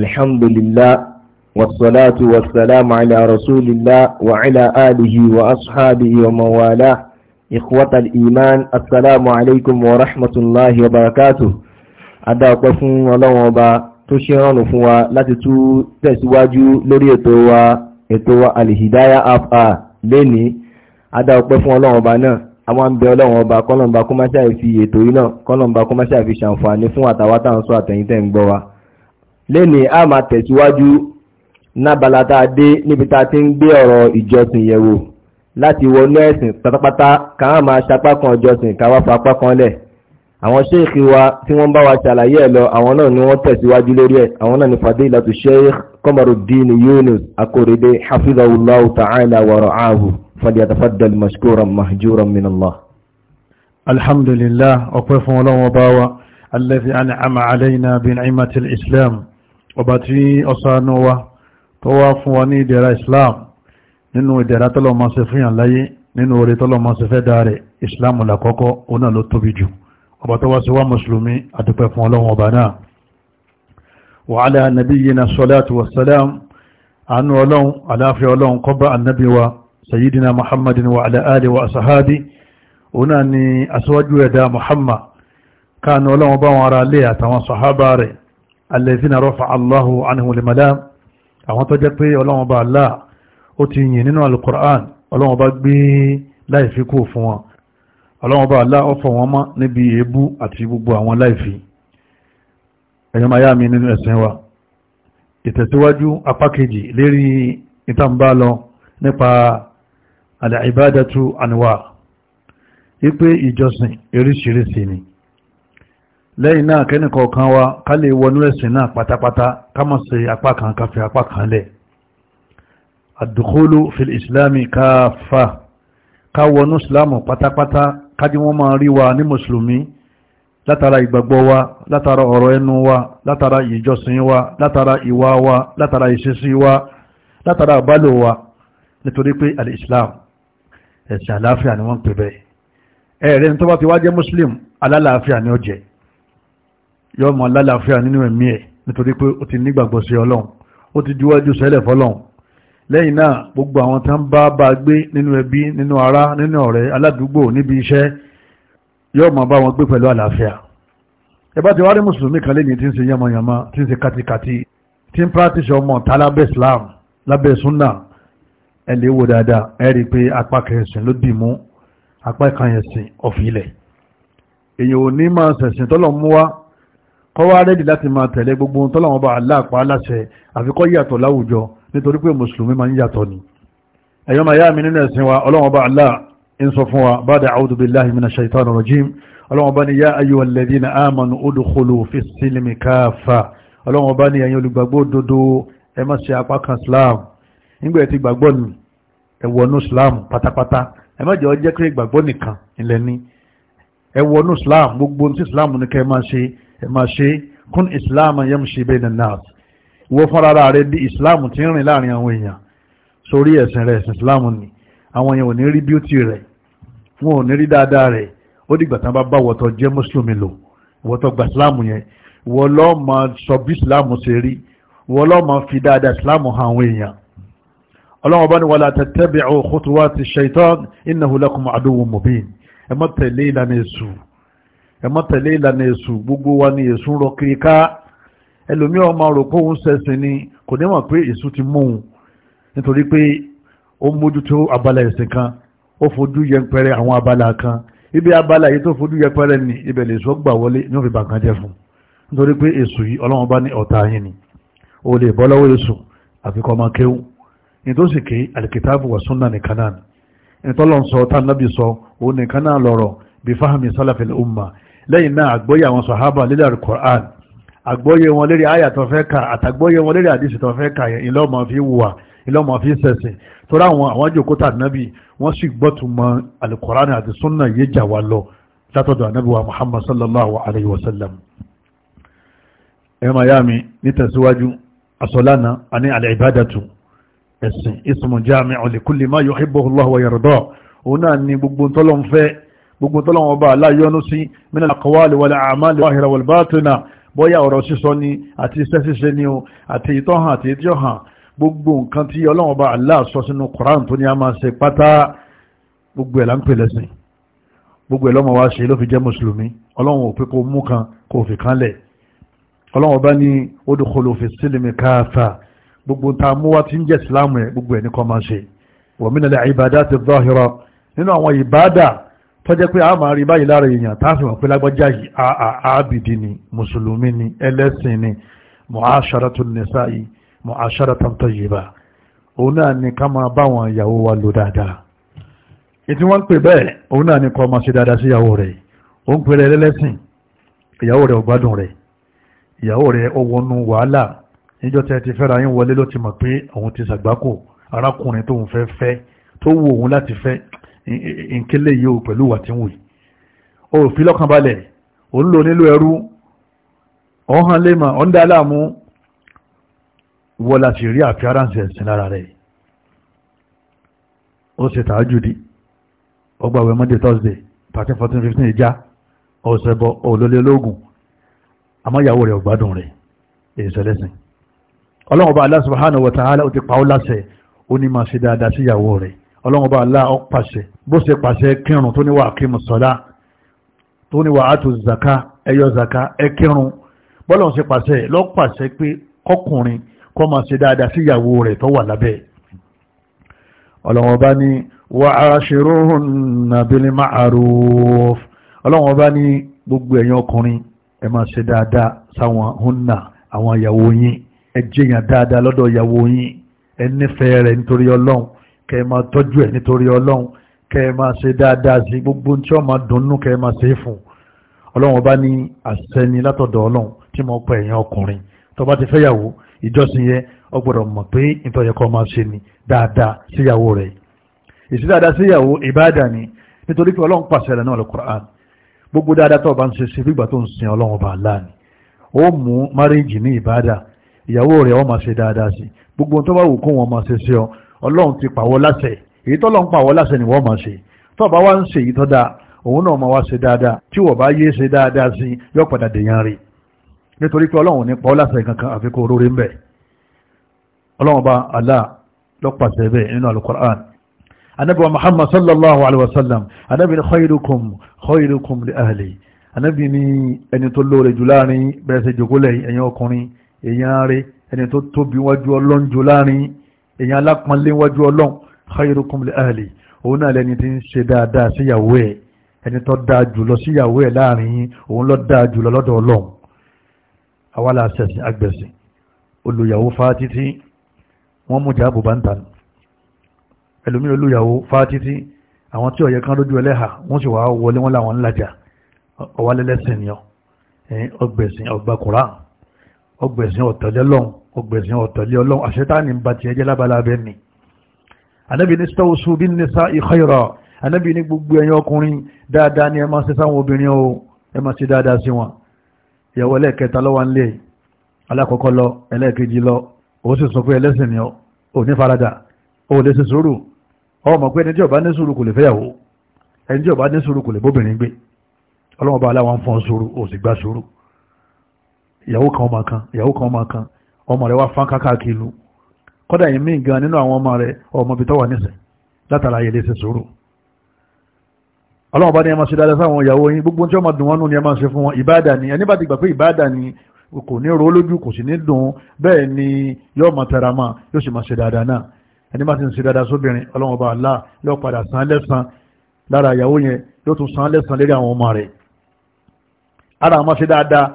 الحمد لله والصلاة والسلام على رسول الله وعلى آله وأصحابه ومن إخوة الإيمان السلام عليكم ورحمة الله وبركاته أدا قفون ولو وبا تشيرون فوا لاتتو تسواجو لوري اتوا اتوا الهداية أفا لني أدا قفون ولو وبا نا àwọn àmì ọlọ́run ọba kọ́lọ̀mbà kó má ṣàì fi ètò yìí náà kó má ṣàì ṣàǹfààní fún àtàwátà ń sọ àtẹ̀yìntẹ̀ ń gbọ́ wa lẹ́ni a máa tẹ̀síwájú nábala tá a dé níbi tá a ti ń gbé ọ̀rọ̀ ìjọsìn yẹ̀wò láti wọnú ẹ̀sìn pátápátá ká á máa sapá kan ìjọsìn ká wá fa apá kan lẹ̀ àwọn sheikh wa tí wọ́n bá wa ṣàlàyé ẹ̀ lọ àwọn náà ni wọ́n tẹ̀síwájú lórí ẹ̀ àwọn náà ni fadilatu sheikh Qamaruddin Yunus Akorede hafizahullahu ta'ala wa ra'ahu falyatafaddal mashkuran mahjuran min Allah. alhamdulillah fún Ọlọ́run ọba wa allazi an'ama alayna bi ni'matil islam ọba tí ọsánú wa tó wá fún wa ní ìdẹ̀ra islam nínú ìdẹ̀ra tọ́lọ̀mọ́ ṣe fún yàn láyé nínú orí tọ́lọ̀mọ́ ṣe fẹ́ dáre islam làkọ́kọ́ oná ló tóbi jù ọba tó wá sí wá mùsùlùmí àdúpẹ́ fún ọlọ́run ọba náà wa ala nabiyyina salatu wassalam àánú ọlọ́run aláfẹ́ ọlọ́run kọba annabi wa sayyidina muhammadin wa ala wa asahabi ona ni aṣíwájú ẹ̀dá muhammad káànú ọlọ́run bá wọn ara lé àtàwọn sahaba rẹ̀ alẹ́sìn àrọ́fà aláhùn anihunlemọ́lá àwọn tó jẹ́ pé ọlọ́wọ́n bá aláà ó ti yìn nínú alukur'an ọlọ́wọ́n bá gbé láìfi kò fún wọn ọlọ́wọ́n bá aláà ọ̀fọ̀ wọn mọ́ níbi èébú àti gbogbo àwọn láìfi ẹ̀yọ́ máa yá mi nínú ẹ̀sìn wa ìtẹ̀síwájú apá kejì lérí ìtàǹbá lọ nípa àlẹ́ ìbádàtú àníwá wípé ìjọsìn oríṣiríṣi ni lẹ́yìn náà kẹ́ni kọ̀ọ̀kan wa ká lè wọnú ẹ̀sìn náà pátápátá ká má ṣe apá kan ká fi apá kan lẹ̀ àdùkúlù fil islami káfà ká wọnú islamu pátápátá kájí wọ́n máa rí wa ní mùsùlùmí látara ìgbàgbọ́ wa látara ọ̀rọ̀ ẹnu wa látara ìjọsìn wa látara ìwà wa látara ìṣesí wa látara àbálò wa nítorí pé alìsílám ẹ̀sìn àlàáfíà ni wọ́n ń pè bẹ́ẹ̀ ẹ̀rẹ́ni tó bá ti wá jẹ́ muslim alálàáfíà ni ó jẹ́ yóò mọ lálàáfíà nínú ẹ̀mí ẹ̀ nítorí pé ó ti nígbàgbọ́ sí ọlọ́run ó ti juwájú sẹ́lẹ̀ fọlọ́run lẹ́yìn náà gbogbo àwọn tó ń bá bá gbé nínú ẹbí nínú ará nínú ọ̀rẹ́ aládùúgbò níbi iṣẹ́ yóò mọ bá wọn gbé pẹ̀lú àlàáfíà ẹ bá ti wá rí mùsùlùmí kan lẹ́yìn tí ń ṣe yánmọ̀yánmọ́ tí ń ṣe kátikáti tí ń practice ọmọ ta lábẹ́ Islam lábẹ́ sunna ẹ lè wo dáadáa ẹ rí i pé apá kẹsìn ló dì apá ìkànnì ẹ̀sìn ọ̀fìlẹ̀ èèyàn ò ní máa ṣẹ̀sìn tọ́lọ̀ mú wá kọ́ wá rẹ́dì láti máa tẹ̀lé gbogbo ohun tọ́lọ́wọ́n bá aláàpá aláṣẹ àfikọ́ yàtọ̀ láwùjọ nítorí pé mùsùlùmí máa ń yàtọ̀ ni ẹ̀yọ́ máa yá mi nínú ẹ̀sìn wa ọlọ́wọ́n bá aláà ń sọ fún wa bá da àwùdù bí láhìmí na ṣàìtàn rọ̀jìm ọlọ́wọ́n bá ní yá ayé wà lẹ́dí na ámànù odòkolo fi sílìmì káàfà ọlọ́wọ́n bá ní ẹ̀yin olùgbàgbọ́ òdodo ẹ má ṣe apá kan Islam nígbà ẹ ti gbàgbọ́ ni ẹ wọnú Islam pátápátá ẹ má jẹ́ ọ jẹ́ ẹ máa ṣe kún islam yamshi bayna an-nas wọ́n fọ́nra ara rẹ̀ di islam ti rìn láàrin àwọn èèyàn sórí ẹ̀sìn rẹ̀ ẹ̀sìn islam ni àwọn èèyàn ò ní rí bíútì rẹ̀ wọn ò ní rí dáadáa rẹ̀ ó dìgbà tán bá bá wọ́tọ̀ jẹ́ mùsùlùmí lò wọ́tọ̀ gba islam yẹn wọ́n lọ́ máa sọ bí islam ṣe rí wọ́n lọ́ máa fi dáadáa islam hàn àwọn èèyàn ọlọ́wọ́n bá ní wala tattabi'u khutuwati shaytan innahu lakum aduwwun mubin ẹ má tẹ̀lé ìlànà èṣù ẹ má tẹ̀lé ìlànà èṣù gbogbo wa ni èṣù ń rọ kiri ká ẹlòmí ọmọ rò pé òun ṣẹ̀sìn ni kò ní mọ̀ pé èṣù ti mú un nítorí pé ó mójútó abala ẹ̀sìn kan ó fojú yẹpẹrẹ àwọn abala kan ibi abala yìí tó fojú yẹpẹrẹ ni ibẹ̀ lè sọ gbà wọlé ní òfin bàkan jẹ́ fún nítorí pé èṣù yìí ọlọ́run bá ní ọ̀tá yín ni o lè bọ́ lọ́wọ́ èṣù àfikọ́ ọmọ kéwù nítòsí ké àlìkìtàbù wà súnà nìkan náà nítọ́lọ́ sọ tá nábì sọ òun nìkan náà lọ̀rọ̀ bí fáhàmì sálàfẹ́lẹ́ umma lẹ́yìn náà àgbọ́yé àwọn sàhábà lérí alukur'an àgbọ́yé wọn lérí àyà tó fẹ́ kà àtàgbọ́yé wọn lérí àdìsí tó fẹ́ kà yẹn ìlọ́mọ fi wùwà ìlọ́mọ fi sẹ̀sìn torí àwọn àwọn jòkóta ànábì wọ́n sì gbọ́tùmọ̀ alukur'an àti sunna yé jà wá lọ látọ̀dọ̀ ànábì wa muhammad sallallahu alayhi wa sallam ẹ̀rọ mayami nítẹ̀síwájú asọ́lánà àní alìbádàtù ẹ̀sìn ismu jami'u likulli ma yuhibbuhu gbogbo tọ́lọ́wọ́n bá aláyọ́nú sí min al-aqwali wal-a'mali zahira wal-batina bóyá ọ̀rọ̀ sísọ ni àti iṣẹ́ ṣíṣe ni o àti ìtọ́hàn àti ìtọ́hàn gbogbo nǹkan tí ọlọ́wọ́n bá Allah sọ sínú Qur'an tó ní a máa ṣe pátá gbogbo ẹ̀ láńpẹ̀ lẹ́sìn gbogbo ẹ̀ lọ́mọ wá ṣe ló fi jẹ́ mùsùlùmí ọlọ́wọ́n ò pé mú kan kó tọ́jẹ́ pé a máa rí báyìí lára èèyàn táàfin wà pé lágbọ́já yìí àábìdì ni mùsùlùmí ni ẹlẹ́sìn ni mu'asharatu nisa'i mu'asharatan tayyiba òun náà ni ká máa bá wọn ìyàwó wa lò dáadáa ìtí wọ́n ń pè bẹ́ẹ̀ òun náà ni kọ́ máa ṣe dáadáa sí ìyàwó rẹ̀ ó ń pè rẹ̀ lẹ́lẹ́sìn ìyàwó rẹ̀ ò gbádùn rẹ̀ ìyàwó rẹ̀ ó wọnú wàhálà níjọ́ tẹ́ ti fẹ́ra yín wọlé ló ti mọ̀ pé òun ti ṣàgbákò arákùnrin tóun fẹ́ fẹ́ tó wù nkele yìí o pẹ̀lú wà tí ń o ò fi lọ́kàn balẹ̀ o ń lò nílò ẹrú ọ̀hán lè mà ọ̀ dá láàmú wọ́n láti rí appearance ẹ̀sìn lára rẹ̀ ó ṣe tààjùdí ọgbà wẹ̀ monday thursday thirteen fourteen fifteen ìjà ọ̀sẹ̀bọ̀ òlólè ológun àmọ́ ìyàwó rẹ̀ ọ̀gbádùn rẹ̀ èyí ọlọ́run ọlọ́run bá aláà ọ pàṣẹ bó ṣe pàṣẹ kírun tó ní wà kí mùsọ̀lá tó ní wà zaka ẹyọ zaka ẹ kírun bọ́lọ̀ ṣe pàṣẹ lọ pàṣẹ pé kọkùnrin kọ́ máa ṣe dáadáa sí ìyàwó rẹ̀ tó wà lábẹ́ ọlọ́run bá ní wà ashiruhunna bil ma'ruf ọlọ́run bá ní gbogbo ẹ̀yin ọkùnrin ẹ máa ṣe dáadáa sáwọn húnà àwọn ìyàwó yín ẹ jẹ́yàn dáadáa lọ́dọ̀ ìyàwó kẹ́ ẹ máa tọ́jú ẹ̀ nítorí ọlọ́run kẹ́ ẹ máa ṣe dáadáa sí gbogbo tí wọ́n máa dunnú kẹ́ ẹ máa ṣe é fún ọlọ́run ọba ní àṣẹni látọ̀dọ̀ ọlọ́run tí mo pa èèyàn ọkùnrin tó bá ti fẹ́yàwó ìjọsìn yẹn ọ gbọ́dọ̀ mọ̀ pé ìtọ́jẹ́kọ́ máa ṣe ni dáadáa síyàwó rẹ̀ ìsí dáadáa síyàwó ìbáàdà ni nítorí pé ọlọ́run pàṣẹ rẹ̀ náà lọ Qur'an gbogbo dáadáa tó bá ń ṣe ṣe dáadáa sí tó bá ọlọ́run ti pàwọ́ láṣẹ èyí tó lọ́n pàwọ́ láṣẹ ni wọ́n máa ṣe tó bá wá ń ṣe èyí tó dáa òun náà máa wá ṣe dáadáa tí wọ́n bá yé ṣe dáadáa sí yóò padà dèèyàn rí nítorí pé ọlọ́run ní pàwọ́ láṣẹ kankan àfi kó oróore ń bẹ̀ ọlọ́run bá Allah ló bẹ́ẹ̀ nínú alukur'an anabi wa muhammad sallallahu alaihi wa sallam anabi ni khayrukum khayrukum li ahli anabi ni ẹni tó lóore jù láàrin bẹ́ẹ̀ ṣe jòkó ẹ̀yin ọkùnrin èèyàn rẹ̀ ẹni tó tóbi wájú ọlọ́njọ láàrin èèyàn alápọ̀nlé wájú ọlọ́run khairukum li ahli òun náà lẹni tí ń ṣe dáadáa síyàwó ẹ̀ ẹni tó dáa jùlọ síyàwó ẹ̀ láàrin yín òun ló dáa jùlọ lọ́dọ̀ ọlọ́run àwa la ṣẹ̀sìn agbẹ̀sìn olùyàwó fátítí wọ́n mú jà bùbá ń tà ní ẹlòmí olùyàwó fátítí àwọn tí ọ̀yẹ́ kan lójú ẹlẹ́hà wọ́n sì wá wọlé wọn làwọn ńlájà ọwálẹ́lẹ́sìn ni ọgbẹ̀sìn ọgbàkùnrà ọgbẹ̀sìn ọ̀tọ̀lẹ́lọ́run ọgbẹ̀sìn ọ̀tọ̀lẹ́ ọlọ́run àṣetáni ń ba tiẹ̀ jẹ́ lábalábẹ́ ni anábì ní stọ́ọ̀sù bí ní sá ìkọ́yọ̀rọ̀ anábì ní gbogbo ẹ̀yin ọkùnrin dáadáa ni ẹ máa ṣe sáwọn obìnrin o ẹ máa ṣe dáadáa sí wọn ìyàwó ẹlẹ́ẹ̀kẹta lọ́wọ́ nílé alákọ̀ọ́kọ́ lọ ẹlẹ́ẹ̀kejì lọ òun sì sọ pé ẹlẹ́sìn ni ò ní farada ò lè ṣe sùúrù ọmọ pé ẹni tí ó bá ní sùúrù kò lè fẹ́yàwó ẹni tí ó bá ní sùúrù kò lè bóbìnrin gbé ọlọ́mọba aláwọn fọ́n sùúrù ò sì gbá sùúrù ìyàwó kan ọmọ kan ìyàwó kan ọmọ kan ọmọ rẹ̀ wá fán kákàkiri lu kọ́dà yìí mí gan nínú àwọn ọmọ rẹ̀ ọmọ ibi tó wà nísìn látara ayẹlẹ ṣe sùúrù ọlọ́wọ́ bá ní ẹ máa ṣe dáadáa sáwọn ìyàwó yín gbogbo tí ó máa dùn wọ́n nù ní ẹ máa ṣe fún wọn ìbáàdà ni ẹni bá ti gbà pé ìbáàdà ni kò ní ro lójú kò sì ní dùn bẹ́ẹ̀ ni yóò máa tẹra mọ́ yóò sì máa ṣe dáadáa náà ẹni bá ti ń ṣe dáadáa sóbìnrin ọlọ́wọ́ bá Allah yóò padà san lẹ́san lára ìyàwó yẹn yóò tún san lẹ́san lérí àwọn ọmọ rẹ̀ ara máa ṣe dáadáa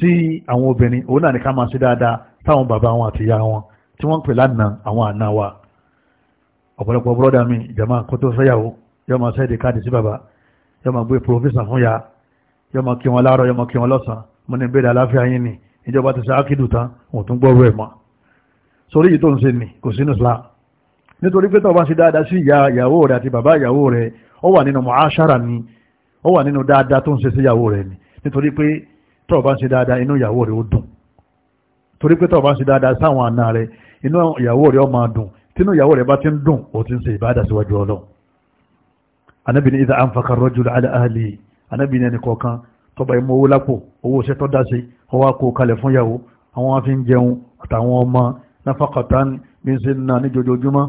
sí àwọn obìnrin òun náà ni ká máa ṣe dáadáa táwọn bàbá wọn àti ìyá wọn tí wọ́n ń pè lánàá àwọn àna wa ọ̀pọ̀lọpọ̀ bọ́lọ́dà mi ìjàmá kó tó sẹ́yàwó yóò máa sẹ́ẹ̀dì káàdì sí bàbá yóò máa gbé pòròfẹ́sà fún ya yóò máa kí wọn láàárọ̀ yóò máa kí wọn lọ́sàn-án mo ní bẹ́ẹ̀ àláfíà yín ni ìjọba ti sẹ́ ákìdù tán wọn tún gbọ́rọ̀ ẹ̀ mọ́ sórí yìí tó ń ṣe nì kò sínú islam nítorí pé tó bá ṣe dáadáa sí ìyá ìyàwó rẹ̀ àti bàbá ìyàwó rẹ̀ ó wà nínú mọ̀áṣára ni ó wà nínú dáadáa tó ń ṣe sí ìyàwó rẹ̀ ni nítorí pé tó bá ṣe dáadáa inú ìyàwó rẹ̀ ó dùn torí pé tọ́ọ̀ bá ń ṣe dáadáa sáwọn àna rẹ inú ìyàwó rẹ ó máa dùn tínú ìyàwó rẹ bá ti ń dùn ó ti ń ṣe ìbáàdà síwájú ọlọ́run anábì ní ìdá àǹfààkà rọ́jò alẹ́ àhàlì anábì ní ẹnì kọ̀ọ̀kan tọ́ba ìmú owó lápò owó iṣẹ́ dá sí ọwọ́ kó kalẹ̀ fún ìyàwó àwọn afi ń jẹun àtàwọn ọmọ nafakatan bí ṣe ń na ní jojoojúmọ́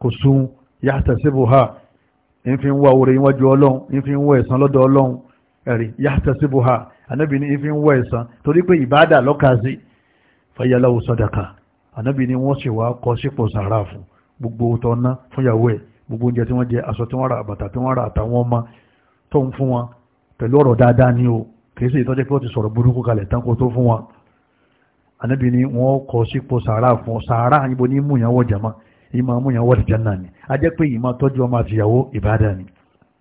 kò sún yàtàsíbò ha ìfi ń wá orí iwájú ọlọ́run ìfi ń wá ẹ̀san lọ́dọ̀ ọlọ́run ẹ̀rí yàtàsíbò ha anábì ní ìfi ń wá ẹ̀san torí pé ìbáàdà lọ́kàá sí fayalawo sadaka anabi ni wọ́n sì wá kọ sípò sàrà fún gbogbo tó ná fúnyàwó ẹ̀ gbogbo oúnjẹ tí wọ́n jẹ aṣọ tí wọ́n ra àbàtà tí wọ́n ra àtàwọn ọmọ tó ń fún wọn pẹ̀lú ọ̀rọ̀ dáadáa ni o kìí sí ìtọ́jẹ́ pé ó ti sọ̀rọ̀ burúkú kalẹ̀ tán kó tó fún wọn anabi ni wọ́n kọ sípò sàrà fún sàrà ibo ní múyànwó jama ìmọ̀ múyànwó àlìjánà ni a jẹ́ pé ìmọ̀ tọ́jú ọmọ àtìyàwó ìbádà ni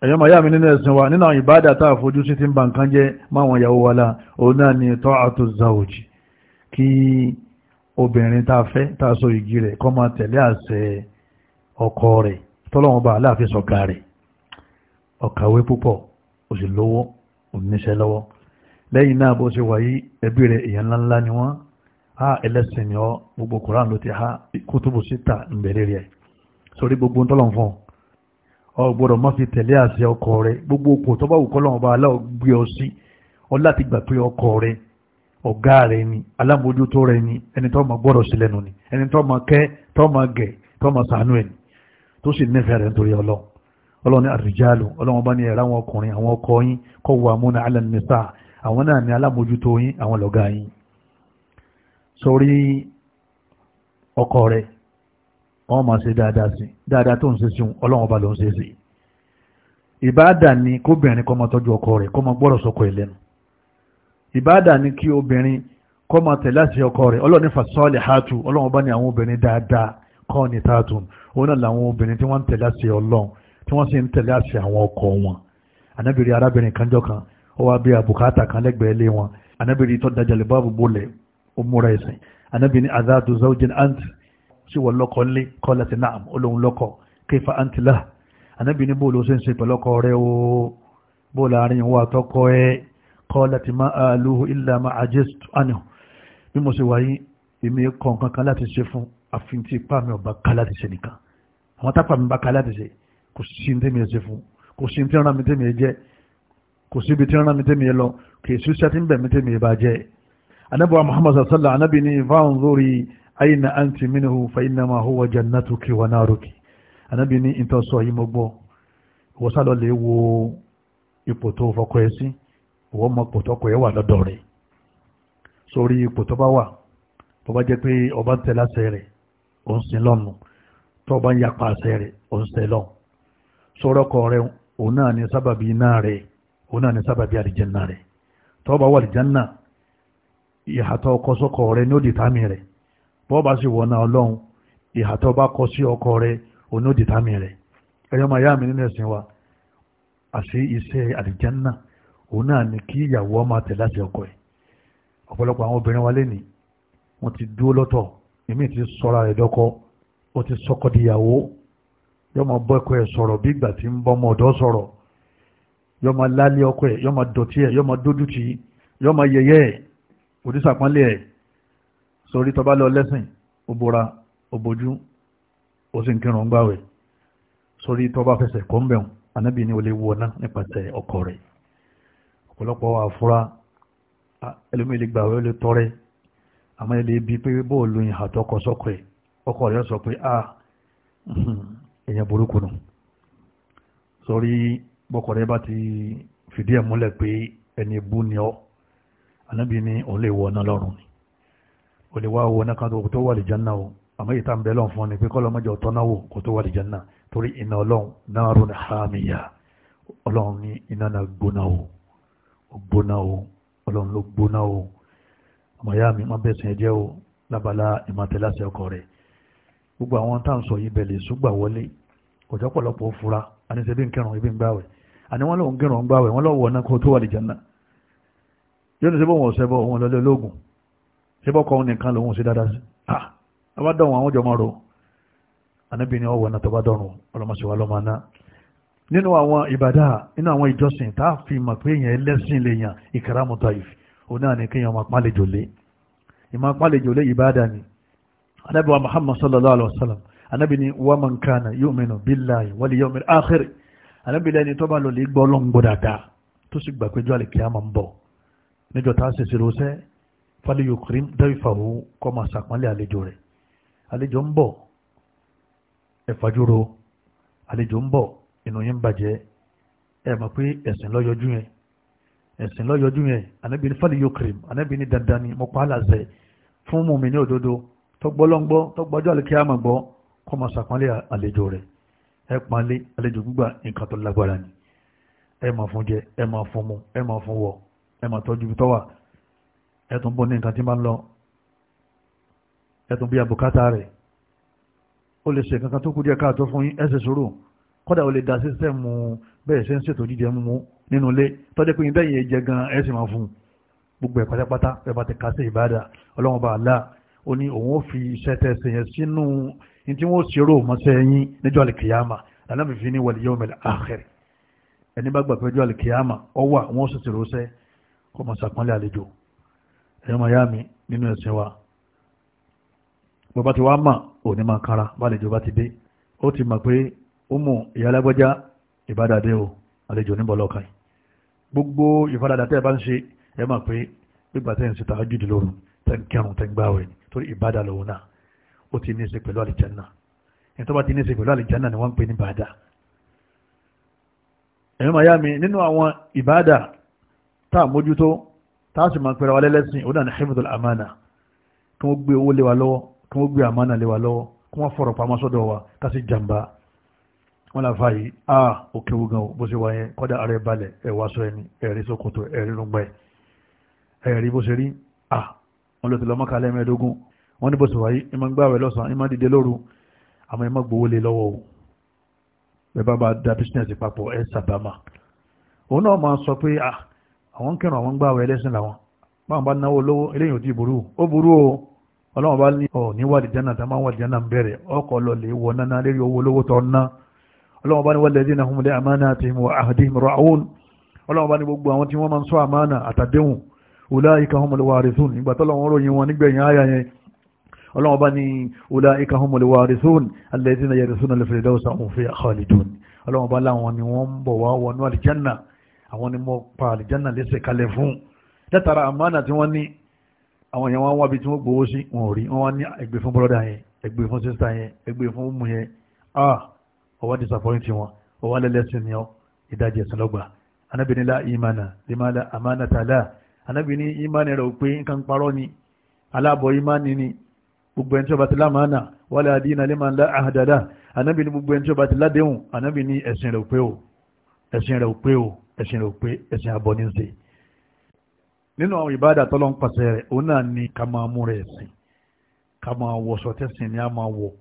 ẹ̀yọ́ màá yà mí nínú ẹ̀sìn wa nínú àwọn ìbádà tá a fojú sí ti ń ba nǹkan jẹ́ máwọn ìyàwó wa la òun náà ni ta'atu zawji kí obìnrin tá a fẹ́ tá a so igi rẹ̀ kọ́ máa tẹ̀lé àṣẹ ọkọ rẹ̀ tọ́lọ́wọ́n bá aláàfin sọ̀gá rẹ̀ ọ̀kàwé púpọ̀ òsì lówó òníṣẹ́ lọ́wọ́ lẹ́yìn náà bó ṣe wà yí ẹbí rẹ̀ èèyàn ńláńlá ni wọ́n á ẹlẹ́sìn ni ọ́ gbogbo koran ló ti ha kútùbù síta ńbẹ̀rẹ̀ rẹ̀ sórí gbogbo ń tọ́lọ̀ fún ọ gbọ́dọ̀ má fi tẹ̀lé àṣẹ ọkọ rẹ̀ gbogbo okò tó bá wù kọ́ lọ́wọ́ bá aláwọ̀ gbé ọ sí ọ láti gbà pé ọkọ rẹ̀ ọ̀gá rẹ̀ ni alábòójútó rẹ̀ ni ẹni tó máa gbọ́dọ̀ sí lẹ́nu ni ẹni tó máa kẹ́ tó máa gẹ̀ tó máa sànú ẹ̀ ni tó sì nífẹ̀ẹ́ rẹ̀ nítorí ọlọ́run ọlọ́run ní àrìjálù ọlọ́run bá ní ẹ̀rọ àwọn ọkùnrin àwọn ọkọ yín kọ́ wọ amúnà alẹ́nisa àwọn náà ní alábòójútó yín àwọn lọ́gá yín sórí ọkọ rẹ̀ wọ́n máa ṣe dáadáa sí dáadáa tó ń ṣe sí ọlọ́run ọba ló ń ṣe sí ìbáàdà ni kóbìnrin kọ́ máa tọ́jú ọkọ rẹ̀ kọ́ máa gbọ́dọ̀ sọ́kọ ẹ̀ ìbáàdà ni kí obìnrin kọ́ máa tẹ̀lé àti ọkọ rẹ̀ ọlọ́run ní fasọ́ọ̀lì hàtù ọlọ́run bá ní àwọn obìnrin dáadáa kọ́ ní tààtù òun náà làwọn obìnrin tí wọ́n ń tẹ̀lé àti ọlọ́run tí wọ́n sì ń tẹ̀lé àti àwọn ọkọ wọn anábìrì arábìnrin kanjọ́ kan ó wá bí àbùkátà kan lẹ́gbẹ̀ẹ́ lé wọn anábìrì tó dajà lè báàbò bólẹ̀ ó múra ẹ̀sìn anábìrì azadu zawjin qalat ma aluhu illa ma ajiztu anhu bí mo ṣe wáyé èmi kọ̀ kankan láti ṣe fún àfin tí ipá mi ọba ká láti ṣe nìkan àwọn tápà mi bá ká láti ṣe kò sí ní tèmi ẹ ṣe fún kò sí ní tí ń rán mi tèmi ẹ jẹ kò sí ibi tí ń rán mi tèmi ẹ lọ kì í ṣiṣẹ́ tí ń bẹ̀ mi tèmi bá jẹ. anábọ̀ muhammad sallallahu anábì ní fanzuri ayna anti minhu fa innama huwa jannatuki wa naruki anábì ní ìtọ́sọ yìí mo gbọ́ ìwọ́sálọ̀ lè wo ipò tó fọkọ ẹ sí ìwọ́n mọ pòtọ́kọ̀ ẹ̀ wà lọ́dọ̀ rẹ̀ sórí ipò tó bá wà tó bá jẹ́ pé ọba ń tẹ̀lé àṣẹ rẹ̀ ó ń sin lọ́nu tó bá ń yapa àṣẹ rẹ̀ ó ń sin lọ́nu sórí ọkọ rẹ̀ òun náà ni sábàbí iná rẹ̀ òun náà ni sábàbí àlìjẹ́nà rẹ̀ tó bá wà àlìjẹ́nà ìhàtọ̀ ọkọ sọ́kọ rẹ̀ ní ó tàmí rẹ̀ bọ́ bá sì wọ̀nà ọlọ́run ìhàtọ̀ bá kọ sí ọkọ rẹ̀ òun ní ó tàmí rẹ̀ ẹ̀yọ́ máa mi nínú ẹ̀sìn wa àṣé iṣẹ́ àlìjẹ́nà òun náà ni kí ìyàwó ọmọ àtẹ̀ láti ọkọ ẹ̀ ọ̀pọ̀lọpọ̀ àwọn obìnrin wa lẹ́nìí wọ́n ti dúró lọ́tọ̀ èmi ti sọ́ra rẹ̀ dọ́kọ ó ti sọ́kọ díyàwó yọ́mọ bọ́ ẹ̀kọ́ ẹ̀ bí ìgbà tí ń bọ́ ọmọ ọ̀dọ́ sọ̀rọ̀ yọ́mọ lálẹ́ ọkọ yẹyẹ lọ ó bora ó bojú ó sì ń kírun lè wọ náà nípasẹ̀ ọkọ rẹ̀ ọ̀pọ̀lọpọ̀ wà fúra ẹlòmíì lè gbà wẹ́ lè tọrẹ àmọ́ ilé ibi pé bóòlù yìí àtọkọ sọ́kọ ẹ̀ ọkọ rẹ̀ sọ pé a ah, èèyàn burúkú nù sọrí bọ́kọ rẹ̀ bá ti fìdí ẹ̀ múlẹ̀ pé ẹni bú ni ọ́ anábì ni òun lè wọ ọ̀nà lọ́rùn ni ò lè wá owó ọ̀nà kan tó wà lè o àmọ́ bẹ ni pé náà wò kó tó wà lè torí ní gbóná o ọlọ́run ló gbóná o ọmọ ìyá mi má bẹ̀sẹ̀ jẹ́ o lábala ìmọ̀tẹ́láṣẹ ọkọ rẹ̀ gbogbo àwọn tá à ń sọ yìí bẹ̀lẹ̀ ṣùgbà wọlé ọ̀jọ́ pọ̀lọpọ̀ fura àníṣe bí n kẹrùn ibi ń gbáwẹ̀ àní wọ́n lóun kẹrùn ń gbáwẹ̀ wọ́n lọ́wọ́ náà kó tó wà lè jẹ́nà yóò ní sẹ́bọ̀ wọn sẹ́bọ̀ wọn lọ́lẹ́ ológun sẹ́bọ̀ kọ́ nìkan lòun sí dáadáa sí ah abádọ́run àwọn jọmọ́ ro àníbi ni ọwọ́ náà tó bá dọ́run ọlọ́mọṣẹ́wà lọ́mọ náà nínú àwọn ìbàdà nínú àwọn ìjọsìn tá a fi mọ̀ pé èèyàn ẹlẹ́sìn lèèyàn ìkàràmù taif òun náà ni kéèyàn máa pálejò lé ìmọ̀ pálejò lé ìbàdà ni anábì wa muhammad sallallahu alayhi wa sallam anábì ni wa man kana yu'minu billahi wal yawmil akhir anábì lẹ́ni tó bá lọ lè gbọ́ ọlọ́ngbọ́ dáadáa tó sì gbà péjọ́ àlè kíá ń bọ̀ níjọ tá a sì sí rosẹ́ fali yukrim daifahu inú yín bàjẹ́ ẹ mọ̀ pé ẹ̀sìn lọ́yọjú yẹn ẹ̀sìn lọ́yọjú yẹn ànábì ní fàlẹ́ yókèrèm ànábì ní dandan ni mo pa á làzẹ fún mùmí ní òdodo tọgbọ́lọ́ngbọ́ tọgbọ́jọ́ àlekí àmọ̀ gbọ́ kọ́ máa sàpọ́nlé àlejò rẹ̀ ẹ pọ́nlé àlejò gbígbà nǹkan tó lágbára ni ẹ máa fún jẹ ẹ máa fún mu ẹ máa fún wọ ẹ máa tọ́jú ibi tọ́wà ẹ tún bọ́ ní nǹkan tí máa ń lọ ẹ tún bí abùkátà rẹ̀ ó lè ṣe nǹkan tó kú díẹ̀ káàtó fún yín ẹ ṣe sùúrù kọ́dà ó lè da sísẹ́mù bẹ́ẹ̀ ṣe ń ṣètò jíjẹ mímú nínú ilé tọ́jẹ́ pé ibẹ̀ yẹn jẹ gan ẹ̀ sì máa fún gbogbo ẹ̀ pátápátá ẹ̀ bá ti kà sí ìbádà ọlọ́run bá àlá ó ní òun ó fi iṣẹ́ tẹ̀ ṣe yẹn sínú ní tí wọ́n ṣe rò mọ́ṣẹ́ yín níjọ́ àlìkìyàmà lànàmìfín ní wal yawmil akhir ẹni bá gbà péjọ́ àlìkìyàmà ọwà ọmọ ìyá ìbádàdé o àlejò níbọ̀ lọ́ọ̀kan yìí gbogbo ìfaradà tẹ́ ẹ bá ń ṣe ẹ máa pé nígbà tẹ́ ẹ ń ṣe tahajjud lóru tẹ́ ń kẹrùn tẹ́ ń gbààwẹ̀ torí ìbádà lòun náà ó ti ní í ṣe pẹ̀lú àlìjánà ẹni tó bá ti ní í ṣe pẹ̀lú àlìjánà ni wọ́n ń pè ní bàdà ẹ̀yìn miami nínú àwọn ìbádà tá a mójútó tá a sì máa pẹ̀rọ wa lẹ́lẹ́sìn ó dàní hifdul amana kí wọ́n gbé owó lé wa lọ́wọ́ kí wọ́n gbé amana lé wa lọ́wọ́ kí wọ́n fọ̀rọ̀ pamọ́ sọ́dọ̀ wa ká sì wọ́n láfa yìí a ó kéwu gan bó ṣe wà yẹn kọ́dà ààrẹ balẹ̀ ẹ̀wà sọ ẹni ẹ̀rí ṣòkòtò ẹ̀rí rúgbà ẹ̀rí bó ṣe rí a wọ́n lọ sí lọ́mọ́ kalẹ̀ mẹ́ẹ̀ẹ́dógún wọ́n ní bó ṣe wà yìí ẹ máa ń gbààwẹ̀ lọ́sàn-án ẹ máa dìde lóru àmọ́ ẹ gbowó lé lọ́wọ́ o ẹ bá bá da business papọ̀ ẹ sàbámà òun náà máa sọ pé a àwọn ń kírun àwọn ń gbààwẹ̀ ẹlẹ́sìn làwọn báwọn bá náwó lówó eléyìí ò ti burú ó burú o ọlọ́wọ́n bá ní ọ̀ níwádìí jẹ́nà tá máa ń wádìí jẹ́nà bẹ̀rẹ̀ ọkọ̀ lọ lè wọ náná lérí owó lówó tó ná ọlọ́run bá ní walladhina hum li amanatihim wa ahdihim ra'un ọlọ́run bá ní gbogbo àwọn tí wọ́n máa ń sọ àmánà àtàdéhùn ulaika humul warithun ìgbà tọ́lọ́run ròyìn wọn nígbẹ̀yìn ayà yẹn ọlọ́run bá ní ulaika humul warithun alladhina yarisuna al-firdawsa hum fiha khalidun ọlọ́run bá láwọn ni wọ́n ń bọ̀ wá wọnú àlìjánà àwọn ni mo pa àlìjánà lẹ́sẹ̀ ah ọwọ́ disappoint wọn ọwọ́ lẹ́lẹ́sìn ni ọ ìdajì ẹ̀sìn lọ́gbà anábìnilá ìmánà limala amánàtàlá anábìní ìmánì rẹ̀ pé nǹkan parọ́ ni aláàbọ̀ ìmánì ni gbogbo ẹni tí ó bá ti lámàánà wala adina liman la àhàdàdà anábìní gbogbo ẹni tí ó bá ti ládéhùn anábìní ẹ̀sìn rẹ̀ pé o ẹ̀sìn rẹ̀ pé o ẹ̀sìn rẹ̀ pé ẹ̀sìn àbọ̀ ní ṣe nínú àwọn ìbáàdà tọ́lọ́ ń pàṣẹ rẹ̀ òun náà ni ká máa mú rẹ̀ sìn ká máa wọṣọ tẹ́sìn ni a máa wọ̀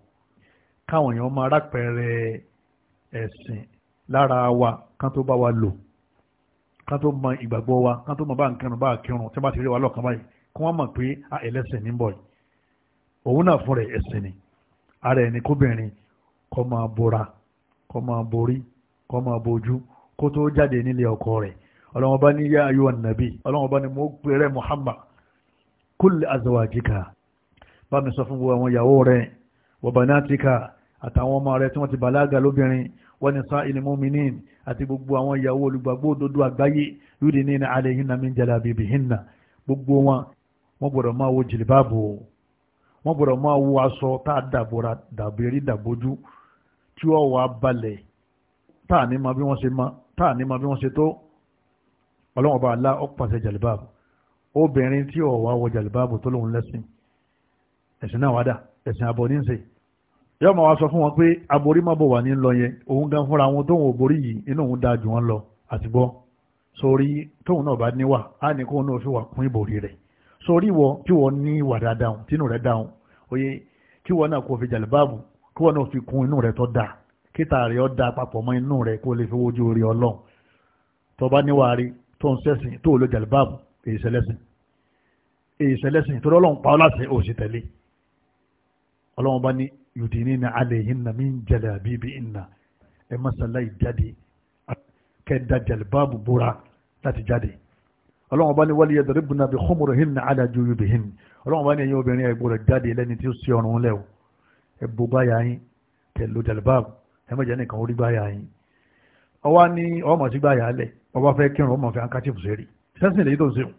káwọn èèyàn máa rápẹ̀rẹ̀ ẹ̀sìn lára wa kán tó bá wa lò kán tó mọ ìgbàgbọ́ wa kán tó mọ bá nǹkan bá kírun tí wọ́n bá ti rí wa lọ́kàn báyìí kí wọ́n mọ̀ pé a ah, ẹlẹ́sìn ní bọ̀ òun náà fún rẹ̀ ẹ̀sìn ni ara ẹni kóbìnrin kó máa bora kó máa borí kó máa bojú kó tó jáde nílé ọkọ rẹ̀ ọlọ́wọ́n bá ní yá ayé wa nàbí ọlọ́wọ́n bá ní mo pèrè Muhammad kúlẹ̀ azawajika bá mi sọ fún gbogbo àwọn ìyàwó rẹ̀ wa àtàwọn ọmọ rẹ̀ tí wọ́n ti bàlágà lóbìnrin wọ́n ní sá ilé mọ́mìnín àti gbogbo àwọn ìyàwó olùgbàgbọ́ òdodo àgbáyé yúdi ní ní alẹ́ hinna min jalabibihinna gbogbo wọn wọ́n gbọ́dọ̀ máa wo jìlìbáàbò wọ́n gbọ́dọ̀ máa wo aṣọ tá a dàbòrà dàbírí dàbójú tí ó wà balẹ̀ tá a ní ma bí wọ́n ṣe ma tá a ní ma bí wọ́n ṣe tó ọlọ́wọ́n bá la ó pàṣẹ jàlìbáàbò obìnrin tí ó wà wọ jàlìbáàbò tó lóun lẹ́sìn ẹ̀sìn náà wádà ẹ̀sìn àbọ̀ ní yọ́ ma wá sọ fún wọn pé aborí má bọ̀ wà ní lọ yẹn òun gan fúnra wọn tóun ò borí yìí inú òun dáa jù wọn lọ àti gbọ́ sórí tóun náà bá níwà á ní kóun náà fi wà kún ìbòrí rẹ̀ sórí wọ kí wọ́n ní ìwà dáadáa tínú rẹ̀ dáhùn oyè kí wọ́n náà kò fi jàlè báàbù kí wọ́n náà fi kún inú rẹ̀ tó dáa kíta rẹ̀ ọ́ dáa papọ̀ mọ́ inú rẹ̀ kó lè fi wojú orí ọlọ́run tó bá níwà rí tó sẹ́sìn tó lọ jàlè báàbù èyí sẹlẹ́sìn èyí sẹlẹ́sìn tó lọ́lọ́run pa ọ́ láti òsì tẹ̀lé ọlọ́wọ́n bá ní yudinina alayhinna min jalabibihinna ẹ masala ìjáde kẹ́ẹ̀dá jàlbáàbù bóra láti jáde ọlọ́wọ́n bá ní wal yadribna bi khumurihinna ala juyubihinna ọlọ́wọ́n bá ní ẹ̀yin obìnrin ẹ gbọ́dọ̀ jáde lẹ́ni tí ó sí ọrùn lẹ́wọ̀ ẹ bó báyà yín kẹlò jàlbáàbù ẹ mọ̀jẹ̀ nìkan orí báyà yín ọwá ní ọmọ sí báyà lẹ̀ ọba fẹ́ kírun ọmọ fẹ́ ankachifu sẹ́rí sẹ́sìn lèyí tó ń sẹ́wọ̀n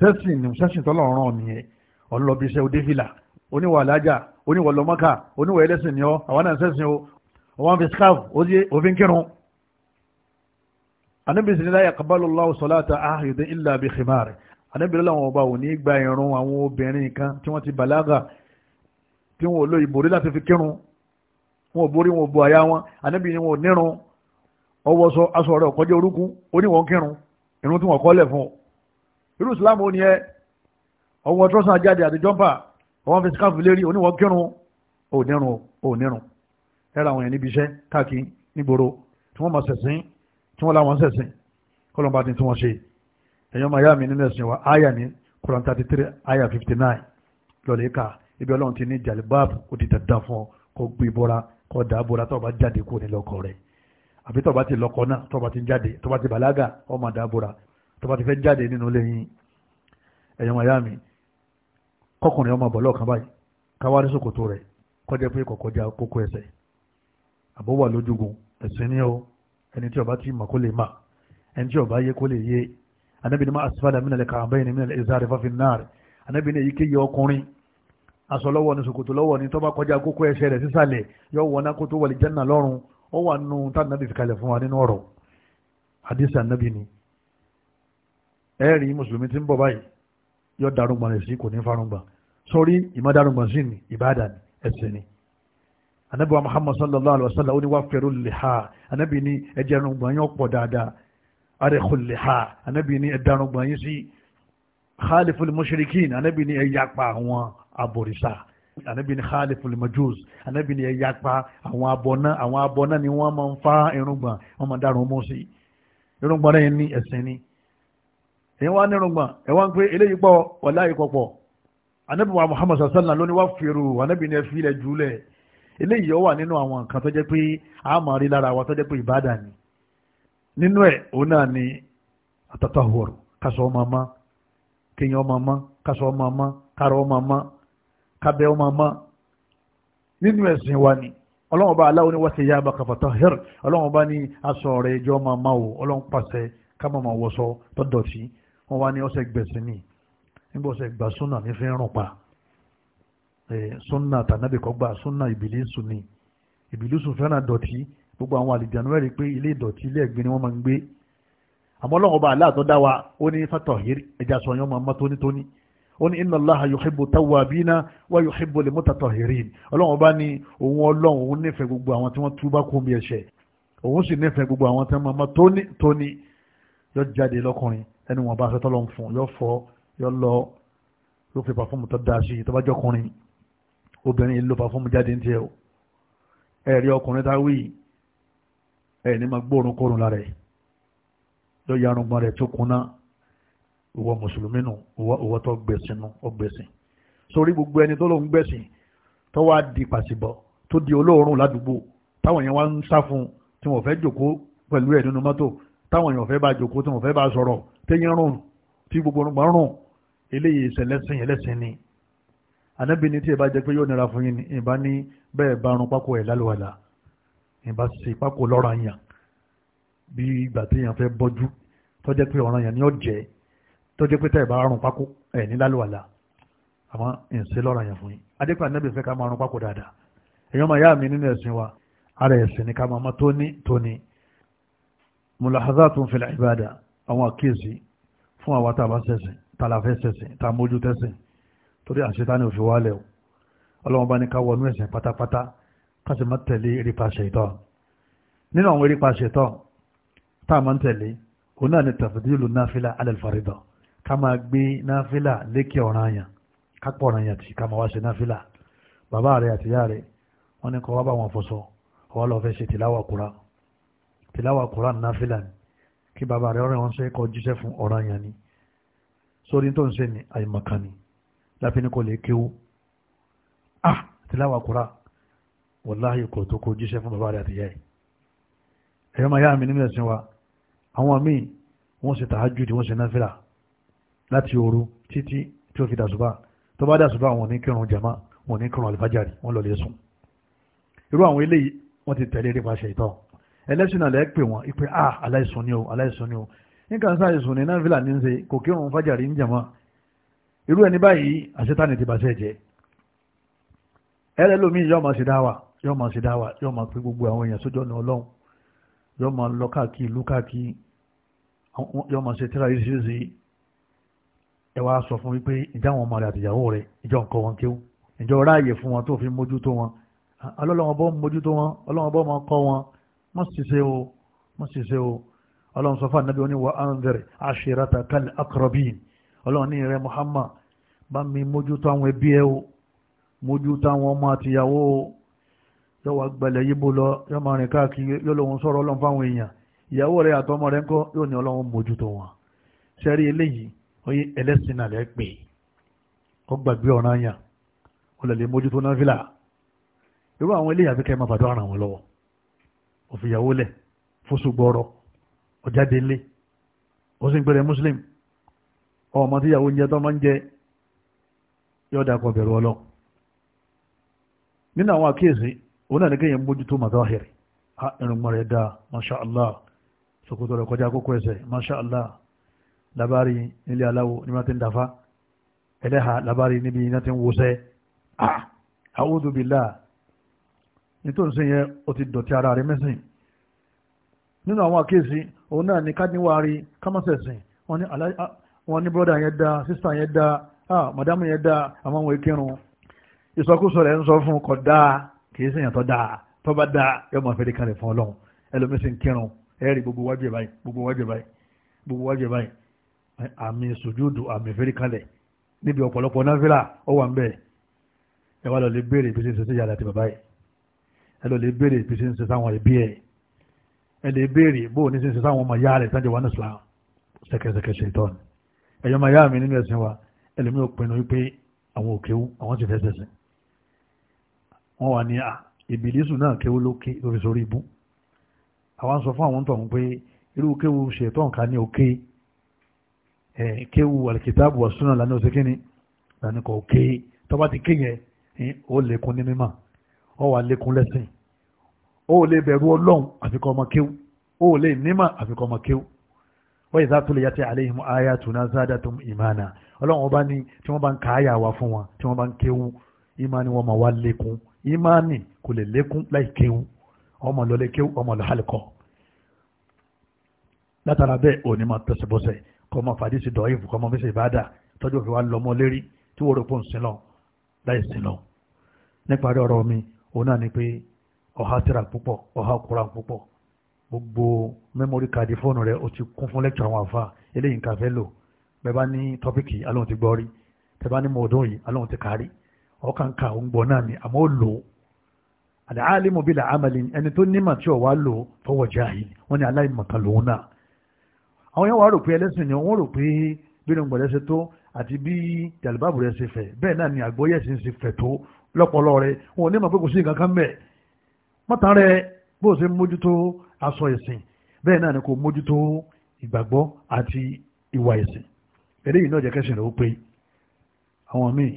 sẹ́sìn ni sẹ́sìn tọ́lọ́run nìyẹn ọ̀nlọ́bíṣẹ́ òdefìlà oníwàlájà oníwọ̀ lọ́mọ́kà oníwọ̀ ẹlẹ́sìn ni ọ́ àwọn náà sẹ́sìn o wọ́n fi scarf òfin kírun anábìsí ni láyà kábàlù lọ́wọ́ sọ́láta ahìdín ilà bí khimari anábìsí làwọn ọba ò ní gba irun àwọn obìnrin kan tí wọ́n ti bàlágà tí wọn ò lo ìbòrí láti fi kírun wọn ò borí wọn ò bo àyà wọn anábìsí wọn ò nírun ọwọ́ sọ aṣọ rẹ̀ ọ̀kọ́jọ́ orúkún oníwọ̀n kírun irun tí wọ́n kọ́ lẹ̀ fún irú wọ́n fi skáàfù lérí oníwọ̀ kírun ònírun ònírun ẹ̀rọ àwọn yẹn níbi iṣẹ́ káàkiri nígboro tí wọ́n máa sẹ̀sìn tí wọ́n láwọn sẹ̀sìn kọ́lọ́mbà tí wọ́n ṣe ẹ̀yọ́ máa yá mi nínú ẹ̀sìn wa áyà ní Quran thirty three áyà fifty nine lọ́lẹ̀ ká ibi ọlọ́run ti ní jàlibáàbù ó ti dandan fún ọ kó gbé bọ́ra kó dà á bọ́ra tó bá jáde kó ní lọ́kọ rẹ̀ àbí tó bá ti lọ́kọ náà tó bá ti jáde tó bá ti kọkùnrin ọmọ bọ̀lọ́ kan báyìí káwárí sòkòtò rẹ̀ kọjá pé kọ̀kọ́já kókó ẹsẹ̀ àbówà lójúgun ẹ̀sìn ní o ẹni tí ọba ti mọ̀ kó lè mà ẹni tí ọba yé kó lè yé anábìíní máa asfala mínàlẹ̀ kàmbẹ́yìn mínàlẹ̀ ìzáre fáfin náà anábìíní èyí kéye ọkùnrin aṣọ lọ́wọ́ ni sòkòtò lọ́wọ́ ni tó bá kọjá kókó ẹsẹ̀ rẹ̀ sísàlẹ̀ yọ wọná kó tó wọlé jẹ́nà lọ́rùn ó wà nù tá nàbì fi kalẹ̀ fún wa nínú ọ̀rọ̀ hadisi anabi ni ẹ̀rí mùsùlùmí ti ń bọ̀ sórí ìmọ̀dárùngbọ̀n sí ni ìbádà ni ẹ̀sìn ni anabi wa muhammad sallallahu alaihi wa sallam oni wa fẹ̀rù lèha anabi ni ẹjẹ rúgbọ̀n yóò pọ̀ dáadáa arẹ́kù lèha anabi ni ẹ̀dá rúgbọ̀n yìí sí khaliful mushrikin anabi ni ẹ̀yapa àwọn abòrìṣà anabi ni khaliful majus anabi ni ẹ̀yapa àwọn abọ́ná àwọn abọ́ná ni wọ́n máa ń fa irùngbọ̀n wọ́n máa dárun mú sí irùngbọ̀n rẹ̀ ni ẹ̀sìn ni èyí wá ní irùngbọ̀n ẹ̀ anabi wa muhammad sallallahu ló ní wá fèrò anabi ní ẹfí ilẹ̀ jùlẹ̀ eléyìí ó wà nínú àwọn nǹkan tó jẹ́ pé a máa rí lára wa tó jẹ́ pé ìbádà ni nínú ẹ̀ òun náà ni atatahur kásọ ọmọ ọmọ kéèyàn ọmọ ọmọ kásọ ọmọ ọmọ kárọ ọmọ ọmọ kábẹ́ ọmọ ọmọ nínú ẹ̀sìn wa ni ọlọ́run bá aláwo ní wá sí ìyá abaka fatahir ọlọ́run bá ní aṣọ rẹ̀ ìjọ ọmọ ọmọ o ọlọ́run pàṣẹ ká máa wọṣọ tó dọ̀tí wọn wá ní ọṣẹ gbẹ̀sìn ni níbo ṣe gba súnà ní fi ń rùn pa súnà tànàbì kọgbà súnà ìbílísù ni ìbílísù fẹ́ràn dọ̀tí gbogbo àwọn àlìjànú ẹ̀rí pé ilé ìdọ̀tí ilé ẹ̀gbin ni wọ́n máa ń gbé àmọ́ ọlọ́run ọba aláàtọ́ dá wa ó ní fatahhir ẹja sọ yọ́n máa mọ́ tónítóní ó ní inna Allaha yuhibbu tawwabina wa yuhibbu al-mutatahhirin ọlọ́run ọba ní òun ọlọ́run òun nífẹ̀ẹ́ gbogbo àwọn tí wọ́n túbá kún bí ẹ̀ṣẹ̀ òun sì nífẹ̀ẹ́ gbogbo àwọn tí wọ́n máa mọ́ tónítóní yóò jáde lọ́kùnrin ẹni wọn bá aṣọ tọ́lọ́ fún yóò fọ yọ lọ ló fi pàfọ́ọ̀mù tó dáa sí i tó bá jọkùnrin obìnrin yìí ló pàfọ́ọ̀mù jáde ní tiẹ̀ o ẹ̀rí ọkùnrin tá wí ẹ̀ ní ma gbóòórùn kóòórùn lára ẹ̀ yọ ya arúgbọ́n rẹ̀ tó kuná ìwọ mùsùlùmí nù ìwọ tó gbẹ̀sìn nù ó gbẹ̀sìn sórí gbogbo ẹni tó lóun gbẹ̀sìn tó wá di pàṣìbọ̀ tó di olóòórùn ládùúgbò táwọn yẹn wá ń sá fún tí wọ́n fẹ́ jòkó pẹ̀lú ẹ̀ nínú mọ́tò táwọn yẹn fẹ́ bá jòkó tí wọ́n fẹ́ bá sọ̀rọ̀ téyín rùn tí gbogbo orun rùn eléyìí ìṣẹ̀lẹ́sìn ẹlẹ́sìn ni anábì ní tí ẹ bá jẹ́ pé yóò nira fún yín ni ìbá ní bẹ́ẹ̀ bá rún pákó ẹ̀ lálùwàlà ìbá sì pákó lọ́rọ̀ àyàn bí ìgbà tí èèyàn fẹ́ bọ́jú tọ́jẹ́ pé ọ̀ràn yẹn ni ó jẹ́ tọ́jẹ́ pé tẹ́ẹ̀ bá rún pákó ẹ̀ ní lálùwàlà àmọ́ ìṣe lọ́rọ̀ àyàn fún yín adépa anábì fẹ́ ká máa rún pákó dáadáa èèyàn máa yá mi nínú ẹ̀sìn wa ara ẹ̀sìn ni ká máa mọ́ tóní tóní mulahazatun fil ibada àwọn àkíyèsí fún àwọn tá a bá ṣẹ̀sìn tàlàfẹ́ sẹ̀sìn tá a mójú tẹ́sìn torí àṣetáni òfin wálẹ̀ o ọlọ́wọ́n bá ní ká wọnú ẹ̀sìn pátápátá ká sì má tẹ̀lé erépa ṣètọ́ nínú àwọn erépa ṣètọ́ tá a máa ń tẹ̀lé òun náà ni tafdilu náfìlà alẹ́lfàrídọ̀ ká máa gbé náfìlà lékè ọ̀ràn àyàn ká pọ̀ ọ̀ràn àyàn tí ká máa wá ṣe náfìlà bàbá rẹ̀ àtìyá rẹ̀ wọ́n ní kí bàbá rẹ̀ ọ̀rẹ́ wọn ṣe kọ́ jíṣẹ́ fún ọ̀ràn àyàn ni sórí tó ń ṣe ni àìmọ̀kan ni láfi ní kò lè kéwú ah tìláwà kura wàláhì kò tó kó jíṣẹ́ fún bàbá rẹ̀ àtìyá ẹ̀ ẹ̀yọ́ máa yá mi nílẹ̀ sí wa àwọn míì wọ́n ṣe tahajjud wọ́n ṣe náfìlà láti òru títí tí ó fi dàsùbà tó bá dàsùbà wọn ní kírun jama wọn ní kírun alifájàrí wọn lọ lè sùn irú àwọn eléyìí wọ́n ti tẹ̀lé nípa ṣe ìtọ́ ẹlẹ́sìn náà lẹ́ẹ̀ pè wọ́n ipe ah aláìsùn ni o aláìsùn ni o nǹkan sáà sùn ní náfìlà ní ṣe kò kí òun fájàrí ń jàmá irú ẹni báyìí àṣetánì ti bàṣẹ jẹ ẹlẹ́lómi yóò máa ṣe dáwà yóò máa ṣe dáwà yóò máa pé gbogbo àwọn èèyàn sójú ọ̀nà ọlọ́run yóò máa lọ káàkiri ìlú káàkiri yóò máa ṣe tíra irisirisi ẹ wá sọ fún wípé ìjà àwọn ọmọ rẹ àtìyàwó rẹ ìjọ nǹkan wọn kéwù ìjọ ráàyè fún wọn tó fi mójútó wọn ọlọ́wọ́n bọ́ mójútó wọn ọlọ́wọ́n bọ́ máa kọ́ wọn mọ́ ṣiṣẹ́ o mọ́ ṣiṣẹ́ o ọlọ́run sọ fún ànábì ó ní wa anzir ashiratakal akrabin ọlọ́run ní rẹ muhammad bá mi mójútó àwọn ẹbí ẹ o mójútó àwọn ọmọ àtìyàwó o yóò wá gbalẹ̀ yíbo lọ yóò máa rìn káàkiri yóò lòun sọ̀rọ̀ ọlọ́run fáwọn èèyàn ìyàwó rẹ àtọmọ rẹ ńkọ́ yóò ní ọlọ́run mójútó wọn sẹ́rí eléyìí oyè ẹlẹ́sìn náà lẹ́ pè ó gbàgbé ọ̀ràn yàn ó lè lè mójútó náà fìlà irú àwọn eléyìí àfikẹ́ máa bàdó ara wọn lọ́wọ́ òfìyàwó lẹ̀ fóṣùgbọ́rọ̀ ọ̀jáde ilé ó sì ń pẹ̀lẹ̀ muslim ọmọ tí ìyàwó oúnjẹ tó máa ń jẹ yọ́dà kan bẹ̀rù ọlọ́ nínú àwọn àkíyèsí òun náà ní kéèyàn mójútó mazahiri ha irun mọ̀ rẹ̀ dáa masha allah sokoto rẹ̀ kọjá kókó ẹsẹ̀ masha allah labari nílé aláwo ní wọ́n ti ń dafa ẹlẹ́ha labari níbi iná ti ń wọṣẹ́ ah a'udhu nítorí sẹ́yìn ó ti dọ̀tí ara rẹ̀ mẹ́sìn nínú àwọn àkíyèsí òun náà ní kádínwárí kámọ́sẹ̀sìn wọ́n ní brọ́dà yẹn dáa sísà yẹn dáa ah màdámù yẹn dáa àwọn ohun ìkírun ìsọkúsọ rẹ̀ ń sọ fún kọ̀ dáa kìí sèyàn tó dáa tó bá dáa yóò máa fẹ́ẹ́ kalẹ̀ fún ọlọ́run ẹlòmísì ń kírun ẹ̀rí gbogbo wájú ẹ̀ báyìí gbogbo wájú ẹ̀ báyìí gbogbo wájú ẹ̀ báyìí àmì sùjúdù àmì fẹ́ẹ́ kalẹ̀ níbi ọ̀pọ̀lọpọ̀ náfìlà ó wà ń bẹ̀ ẹ wá lọ lè béèrè bí ṣe yàrá àti bàbá yìí ẹ lọ lè béèrè bí ṣe ń ẹbí ẹ̀ ẹ̀lẹ́ béèrè bó o ní sẹ́sẹ́ sáwọn ọmọ ìyá rẹ̀ tán jẹ́ wà ní Islam ṣẹ̀kẹ̀ṣẹ̀kẹ̀ ṣètọ́ ni ẹ̀yọ́ ọmọ ìyá mi nínú ẹ̀sìn wa ẹlòmí ò pinnu wípé àwọn ò kéwú àwọn sì fẹ́ sẹ̀sìn wọ́n wà ní ìbílísù náà kéwú lókè lórí sórí ibú àwọn sọ fún àwọn tó ń pé irú kéwú ṣètọ́ nǹka ní òkè ẹ̀ kéwú alìkìtàbù ọ̀sùnà lánàá ọ̀sẹ̀ kínní lánàá kọ̀ òkè tọ́ba ti kéyẹ ó lékún ní mímọ́ ọ wà lékún lẹ́sìn ó lè bẹ̀rù ọlọ́run àfikọ́ ọmọ kéwú ó lè nímà àfikọ́ ọmọ kéwú wọ́n yìí sátúlẹ̀ yàtí àléhìn ayatuna zadatum imana ọlọ́run ọba ní tí wọ́n bá ń káyà wá fún wọn tí wọ́n bá ń kéwú imani wọn máa wá lékún imani kò lè lékún láì kéwú ọmọ lọlé kéwú ọmọ lọ́hálìkọ́ látara bẹ́ẹ̀ òní máa tẹ̀sẹ̀bọ̀sẹ̀ kọ́ kọ́ ọmọ fẹsẹ̀ ìbáàdà tọ́jú òfin wa ọha tírà púpọ̀ ọha Kùránì púpọ̀ gbogbo mẹ́mórí káàdì fóònù rẹ̀ ó ti kún fún lẹ́kítọ̀ àwọn àfa eléyìí nǹkan fẹ́ lò bẹ́ẹ̀ bá ní tọ́pìkì alóhùn ti gbọ́ rí tẹ́ bá ní mọ̀ọ́dún yìí alóhùn ti kárí ọkàn ká òun gbọ́ náà ni àmọ́ ó lò ó àdáhàlímù bí làámàlì ẹni tó nímọ̀ tí ò wá lò fọwọ́ jahil wọ́n ní aláìmọ̀kan lòun náà àwọn yẹn wàá rò pé ẹlẹ́sìn ni wọ́n rò pé bí nìgbọ̀n rẹ ṣe tó àti bí jàlùbáàbù rẹ ṣe fẹ̀ bẹ́ẹ̀ náà ni àgbọ́yẹ̀sìn ṣe fẹ̀ tó lọ́pọ̀lọ́ rẹ wọn ò ní mọ̀ pé kò sí nǹkan kan bẹ́ẹ̀ mọ́tàn rẹ bó o ṣe mójútó aṣọ ẹ̀sìn bẹ́ẹ̀ náà ni kò mójútó ìgbàgbọ́ àti ìwà ẹ̀sìn eléyìí náà jẹ́ kẹ́sìn rẹ̀ ó pé àwọn míì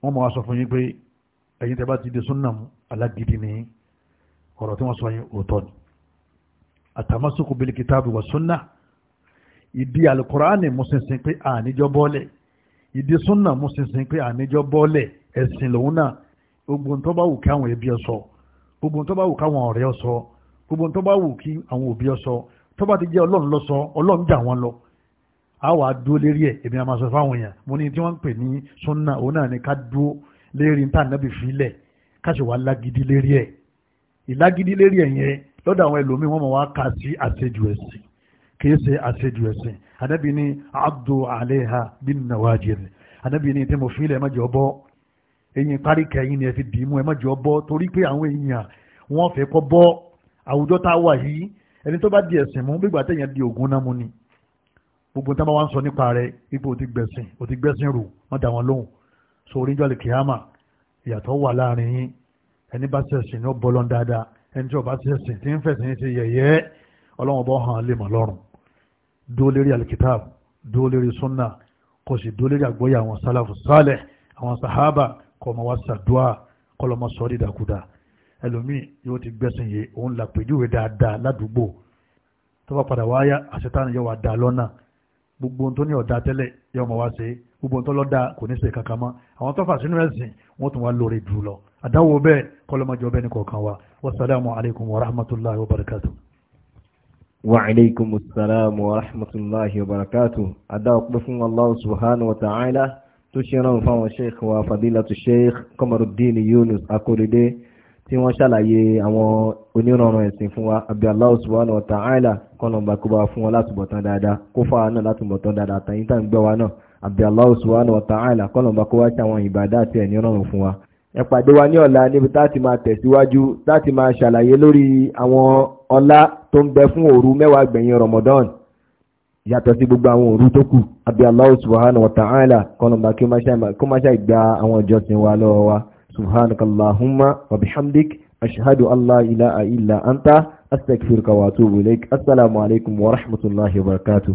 wọ́n mọ̀ wá sọ fún yín pé ẹ̀yin tẹ́ bá ti di súnà mu alágídí ni ọ̀rọ̀ tí wọ́n sọ yín òótọ́ ni àtàmásùkù bíi kìtàbù wà súnà ìdí alukuraani musinsin pé àníjọ bọ́ọ̀lẹ̀ ìdí súnà musinsin pé àníjọ bọ́ọ̀lẹ̀ ẹ̀sìn lòun náà gbogbo ntọ́ wù kí àwọn ẹbí ẹ sọ gbogbo tó bá wù káwọn ọ̀rẹ́ ọ sọ gbogbo tó bá wù kí àwọn òbí ọ sọ tó bá ti jẹ́ ọlọ́run lọ sọ ọlọ́run jà wọ́n lọ a wà dúó lérí ẹ̀ èmi àmà sọ fáwọn èèyàn mo ní tí wọ́n ń pè ní sunna òun náà ni ká dúó lérí níta nábì filẹ̀ ká sì wá lágídí lérí ẹ̀ ìlágídí lérí ẹ̀ yẹn lọ́dọ̀ àwọn ẹlòmíì wọ́n mọ̀ wá kà sí àṣejù ẹ̀sìn kìí ṣe àṣejù ẹ̀sìn ànábì ní abdu aleha bin nawajir ànábì ní tí mo filẹ̀ má jẹ́ bọ́ eyín parí kẹyìn ni ẹ fi dìímú ẹ má jọ bọ́ torí pé àwọn èèyàn wọ́n fẹ́ kọ́ bọ́ àwùjọ tá a wà yìí ẹni tó bá di ẹ̀sìn mú bí ìgbà di ògùn náà mú ni gbogbo tí wọ́n wá ń sọ nípa rẹ̀ ipò ò ti gbẹ̀sìn ò ti gbẹ̀sìn rù wọ́n dà wọ́n lóhùn so oríjọ́ lè kíyàmà ìyàtọ̀ wà láàrin yín ẹni bá ṣẹ̀sìn ní ó bọ́ lọ́n dáadáa ẹni tí ó bá ṣẹ̀sìn tí ń fẹ̀sìn ṣe yẹ̀yẹ́ ọlọ́run bọ́ hàn lè mọ̀ lọ́rùn dúó lérí alikitab dúó lérí sunna kò sì dúó lérí àgbóyè àwọn sálàfù sálẹ̀ àwọn sahaba kọmọ wa sàdúà kọlọmọ sọ dídàkudà ẹlòmíì yóò ti gbẹ́sìn yìí òun là pèjúwe dáadáa ládùúgbò tó bá padà wáyà àṣetánì yóò wá dà lọ́nà gbogbo tó ní ọ̀dà tẹ́lẹ̀ yóò mọ̀ wá ṣe gbogbo tó lọ́dà kò ní ṣe kankan mọ́ àwọn tó fà sínú ẹ̀sìn wọ́n tún wá lórí jù lọ àdáwò bẹ́ẹ̀ kọlọ́mọjọ bẹ́ẹ̀ ní kọ̀ọ̀kan wa wasalaamu alaykum wa rahmatulahi wa barakatu. wa alaykum salaam wa rahmatulahi wa barakatu. adáwò pé fún allah subhanahu wa ta'ala tó ṣe rán fáwọn sheikh wa fadilatu sheikh Kamaruddin Yunus Akorede tí wọ́n ṣàlàyé àwọn onírànràn ẹ̀sìn fún wa àbí Allah subhanahu wa ta'ala kọ́nàmbà kó bá fún wọn láti bọ̀tán dáadáa kó fà á náà láti bọ̀tán dáadáa tàyín tàn gbẹ́ wa náà àbí Allah subhanahu wa ta'ala kọ́nàmbà kó wá ṣe àwọn ìbàdá àti ẹ̀ fún wa. ẹ pàdé wa ní ọ̀la níbi táti máa tẹ̀síwájú láti máa ṣàlàyé lórí àwọn ọlá tó ń bẹ fún òru mẹ́wàá gbẹ̀yìn Ramadan yàtọ̀ sí gbogbo àwọn òru tó kù àbí Allahu subhanahu wa ta'ala kọ́nàmbà kí ó máa ṣe gba àwọn ìjọsìn wa lọ́wọ́ wa subhanakallahumma wa bihamdik ashhadu an la ilaha illa anta astaghfiruka wa atubu assalamu alaikum wa rahmatullahi wa barakatuh